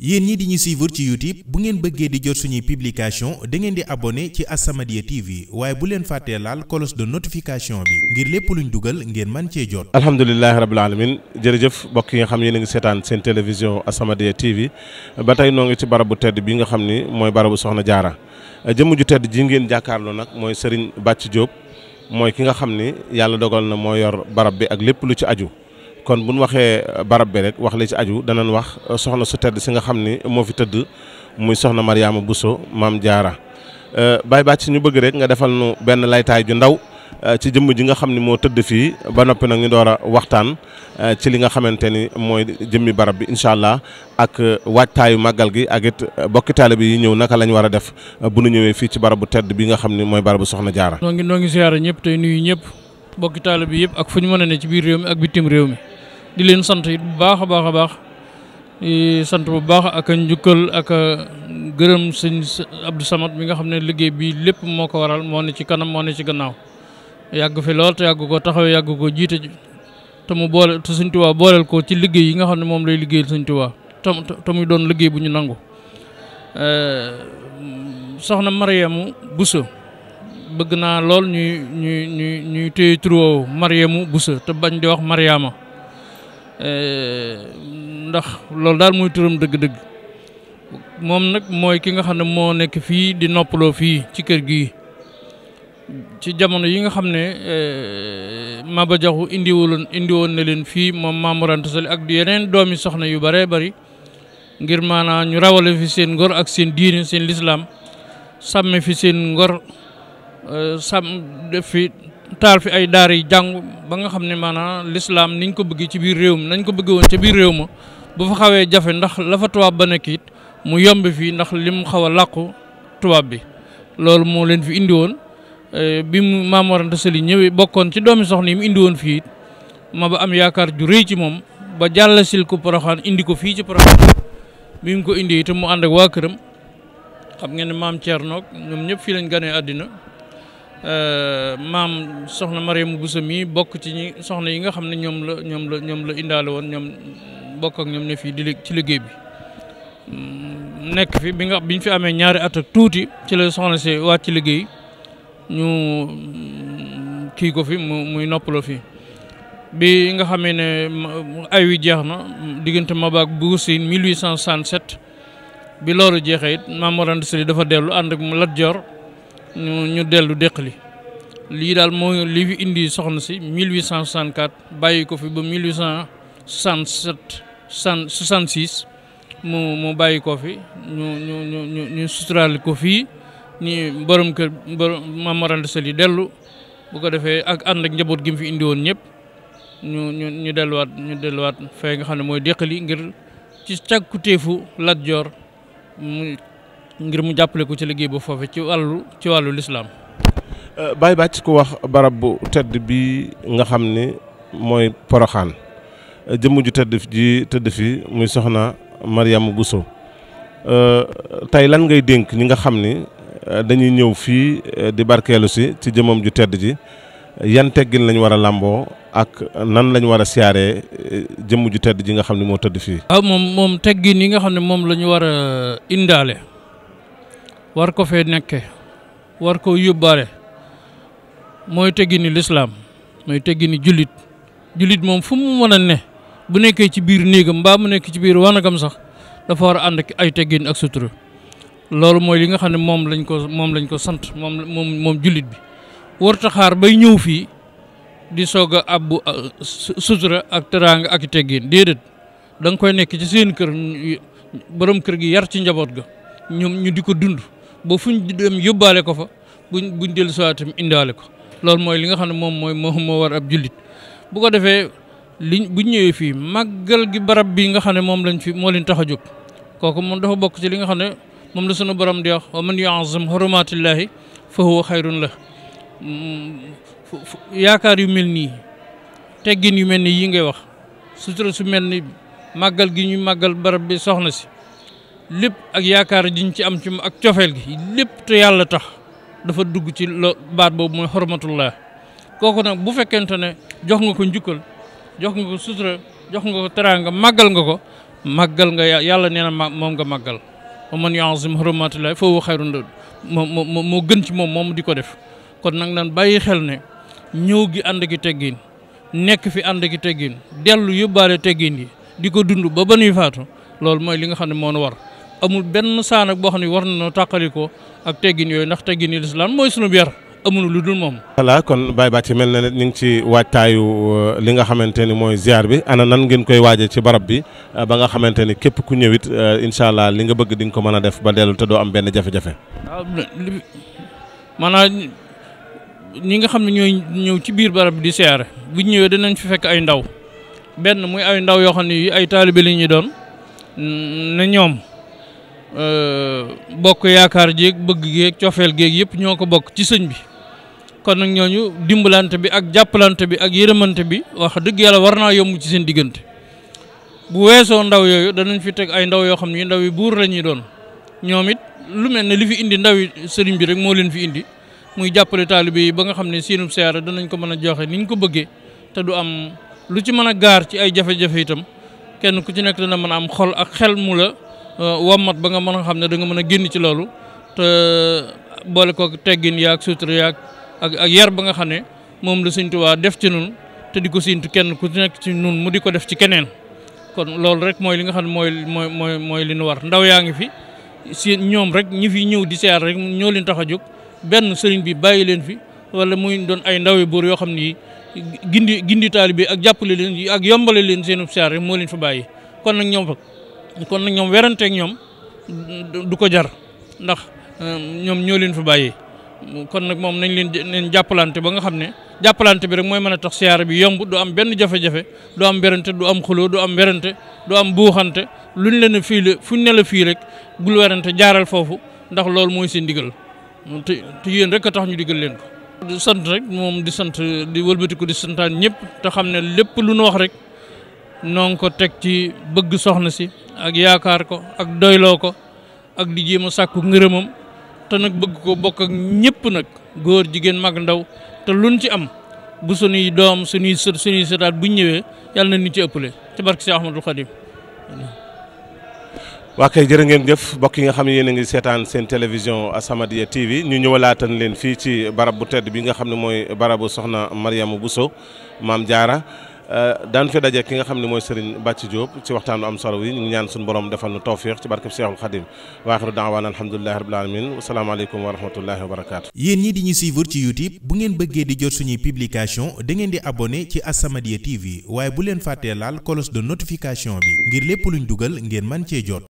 yéen ñi di ñu suivre ci YouTube bu ngeen bëggee di jot suñuy publication da ngeen di abonné ci As-Samadiyya TV waaye bu leen fàttee laal cloche de notification bi ngir lépp luñ dugal ngeen man cee jot. alhamdulilah rabil alamin jërëjëf mbokk yi nga xam yéen ngi seetaan seen télévision As-Samadiyya TV ba tey noo ngi ci barabu tedd bi nga xam ni mooy barabu Soxna Jaara jëmm ju tedd ji ngeen jàkkaarloo nag mooy Serigne Bàcc Diop mooy ki nga xam ni yàlla dogal na moo yor barab bi ak lépp lu ci aju. kon bu ñu waxee barab bi rek wax li ci aju danañ wax soxna su tedd si nga xam ni moo fi tëdd muy soxna Mariama Bousso maam Jaara baay euh, Bathie si ñu bëgg rek nga defal nu benn laytaay ju ndaw euh, ci jëmm ji nga xam ni moo tëdd fii ba noppi nag ñu door a waxtaan euh, ci li nga xamante ni mooy jëmmi barab bi incha allah ak waajtaayu maggal gi ak it bokki taalibe yi ñëw naka lañ war a def bu nu ñëwee fii ci barabu tedd bi nga xam ni mooy barabu soxna Jaara noo ngi noo ngi siyaara tey nuyu ñëpp bokki taalibe yi yëpp ak fu ñu mën ne ci biir ak bitim réew mi di leen sant it bu baax a baax a baax sant bu baax ak a njukkal ak gërëm sëñ Abdou Samad mi nga xam ne liggéey bi lépp moo ko waral moo ne ci kanam moo ne ci gannaaw yàgg fi lool te yàgg ko taxaw yàgg ko jiite te mu boole te sëñ Tuubaa booleel ko ci liggéey yi nga xam ne moom lay liggéeyal sëñ Tuubaa te muy doon liggéey bu ñu nangu soxna Mariamu Bousso bëgg naa lool ñuy ñuy ñuy ñuy téye turoo Mariamu Bousso te bañ di wax Mariama Eh, ndax loolu daal mooy turam dëgg-dëgg moom nag mooy ki nga xam ne moo nekk fii di noppaloo fii ci kër gi ci jamono yi nga xam ne eh, Maba Jaxu indiwuloon indiwoon na leen fii moom Maam Mor Anta Sali ak yeneen doomi soxna yu bare bari ngir maanaam ñu rawale fi seen ngor ak seen diine seen lislaam sàmme fi seen ngor eh, sàmm def fi taal fi ay daara yi jàngu ba nga xam ne maanaam lislaam niñ ko bëgg ci biir réew mi nañ ko bëgg woon ci biir réew ma bu fa xawee jafe ndax la fa ba nekk it mu yomb fii ndax lim xaw a làqu tubaab bi loolu moo leen fi indi woon eh, bi mu Maam Mor Anta ñëwee bokkoon ci doomi soxna yi mu indi woon fii ma ba am yaakaar ju ci moom ba jàll sil ko Poroxaan indi ko fii ci Poroxaan bi mu ko indi itam mu ànd ak waa këram xam ngeen maam maam Thierno ñoom ñëpp fii lañ ganee àddina Euh, maam soxna ma mu Bousso mii bokk ci ñi soxna yi nga xam ne ñoom la ñoom la ñoom la indaale woon ñoom bokk ak ñoom ne fii di ci liggéey bi mm, nekk fi bi nga biñ fi amee ñaari at ak tuuti ci la soxna si wàcc ci liggéey ñu mm, kii ko fi mu muy noppaloo fi bi nga xamee ne ay wi jeex na diggante Maba ak Buur Siin 1867 bi loolu jeexee it Maam Mor Anta Sali dafa dellu ànd ak Lat Joor ñu ñu dellu déqali lii daal mooy li fi indi soxna si mille 1864 bàyyi ko fi ba 1867 66 mu mu bàyyi ko fi ñu ñu ñu ñu ñu suturaal ko fii ni borom kër borom Maam Mor Anta Sali dellu bu ko defee ak ànd ak njaboot gi mu fi indi woon ñëpp ñu ñu ñu delluwaat ñu delluwaat fee nga xam ne mooy déqali ngir ci càkkutéefu Lat Joor ngir mu jàppale ko ci liggéey bu foofu ci wàllu ci wàllu lislaam euh, Baye bàcc ko wax barab bu tedd bi nga xam ni mooy Poroxaan euh, jëmm ju tëdd ji tëdd fi muy soxna Mariama Bousso euh, tey lan ngay dénk ñi nga xam ni dañuy ñëw fii di barkeelu si ci jëmmam ju tedd ji yan teggin lañ war a làmboo ak nan lañu war a siyaaree jëmm ju tedd ji nga xam ne moo tëdd fii. waaw moom moom teggin yi nga xam ne moom lañu ñu war a indaale war ko fee nekke war koo yóbbaale mooy teggini lislaam mooy teggini jullit jullit moom fu mu mën ne bu nekkee ci biir néegam mbaa mu nekk ci biir wanagam sax dafa war a ànd ak ay teggin ak sutura loolu mooy li nga xam ne moom lañ ko lañ ko sant moom moom moom jullit bi warta xaar bay ñëw fii di soog a abbu sutura ak teraanga ak teggin déedéet da koy nekk ci seen kër borom kër gi yar ci njaboot ga ñoom ñu di ko dund ba fu ñu dem yóbbaale ko fa buñ buñ dellu siwaat tam indaale ko loolu mooy li nga xam ne moom mooy moo moo war ab jullit bu ko defee liñ buñ ñëwee fii màggal gi barab bi nga xam ne moom lañ fi moo leen tax a jóg kooku moom dafa bokk ci li nga xam ne moom la sunu borom di wax wa man yu'azzim hurumatillahi fa huwa xayrun la yaakaar yu mel nii teggin yu mel nii yi ngay wax su sutura su mel ni màggal gi ñu màggal barab bi soxna si lépp ak yaakaar jiñ ci am ci ak cofeel gi lépp te yàlla tax dafa dugg ci lo baat boobu mooy xormatullah kooku nag bu fekkente ne jox nga ko njukkal jox nga ko sutura jox nga ko teraanga màggal nga ko màggal nga yàlla nee na moom nga màggal wa man yu'azzim hurumatillahi fa huwa xayrun lahu moo gën ci moom moom di ko def kon nag nan bàyyi xel ne ñëw gi ànd gi teggiin nekk fi ànd gi teggiin dellu yóbbaale teggiin yi di ko dund ba ba nuy faatu loolu mooy li nga xam ne moo nu war amul benn saan ak boo xam ne war na nañoo tàqalikoo ak teggin yooyu ndax teggin yi lislaam mooy sunu biir amul lu dul moom. voilà kon Baye Bathie mel na ne ñu ngi ci waajtaayu euh, li nga xamante ni mooy ziar bi ana nan ngeen koy waajee ci barab bi euh, ba nga xamante ni képp ku ñëwit euh, incha allah li nga bëgg di nga ko mën a def ba dellu te doo am benn jafe-jafe. ñi nga xam ne ñooy ñëw ci biir barab bi di siyaare bu ñëwee da nañ fi fekk ay ndaw benn muy ay ndaw yoo xam ne ay taalibe li ñuy doon ne ñoom. Euh, bokk yaakaar jéeg bëgg géeg cofeel géeg yëpp ñoo ko bokk ci sëñ bi kon nag ñooñu dimbalante bi ak jàppalante bi ak yërëmante bi wax dëgg yàlla war naa yomb ci seen diggante bu weesoo ndaw yooyu danañ fi teg ay ndaw yoo xam ni ndaw yi buur la ñuy doon ñoom it lu mel ne li fi indi ndaw yi sëriñ bi rek moo leen fi indi muy jàppale taalibe yi ba nga xam ne seenub siyaara danañ ko mën a joxe ni ñu ko bëggee te du am lu ci mën a gaar ci ay jafe-jafe itam Euh, wommat ba nga mën a xam ne da nga mën a génn ci loolu te boole ko teggin yaa sutura yaag ak ak yar ba nga xam ne moom la Sëñ waa def ci nun te di ko siintu kenn ku nekk ci nun mu di ko def ci keneen kon loolu rek mooy li nga xam ne mooy mooy mooy mooy li nu war ndaw yaa ngi fi si ñoom rek ñi fi ñëw di seer rek ñoo leen tax a jóg benn sëriñ bi bàyyi leen fi wala muy doon ay ndawi buur yoo xam ni gindi gindi taalibe ak jàppale leen ak yombale leen seenu seer rek moo leen fa bàyyi nag ñoom fa kon nag ñoom weranteeg ñoom du ko jar ndax euh, ñoom ñoo leen fi bàyyi kon nag moom nañ leen leen jàppalante ba nga xam ne jàppalante bi rek mooy mën a tax siyaara bi yomb du am benn jafe-jafe du am werante du am xuloo du am werante du am buuxante leen a fii la fu ñu la fii rek bul werante jaaral foofu ndax loolu mooy seen ndigal te te yéen rek a tax ñu digal leen ko. di sant rek moom di sant di wëlbatiku di santaan ñëpp te xam ne lépp lu nu wax rek noo ngi ko teg ci bëgg soxna si. ak yaakaar ko ak doyloo ko ak di jéem a sàkku ngërëmam te nag bëgg ko bokk ak ñëpp nag góor jigéen mag ndaw te luñ ci am bu sunuy doom sunuy sët sunuy sëtaat bu ñëwee yàlla na ñu ci ëppale ci barke si Ahmadul Xadim waa kay jërë ngeen jëf mbokk yi nga xam ne yéen a ngi seetaan seen télévision As-Samadiyya TV ñu ñëwalaatan leen fii ci barab bu tedd bi nga xam ne mooy barabu soxna Mariama Bousso Maam Jaara Euh, daan fi daje ki nga xam ne mooy Serigne Bàcci Diop ci waxtaanu am solo yi ñu ñaan suñu borom defal nu tawfiix ci barkeb Seexul Xadim wa axiru daawaana alhamdulilahi rabbil alamin wasalaamaaleykum wa rahmatullahi wa barakaatu yéen ñi di ñu suivre ci YouTube bu ngeen bëggee di jot suñuy publication da ngeen di abonné ci As-Samadiyya TV waaye bu leen fàttee laal cloche de notification bi ngir lépp luñ dugal ngeen man cee jot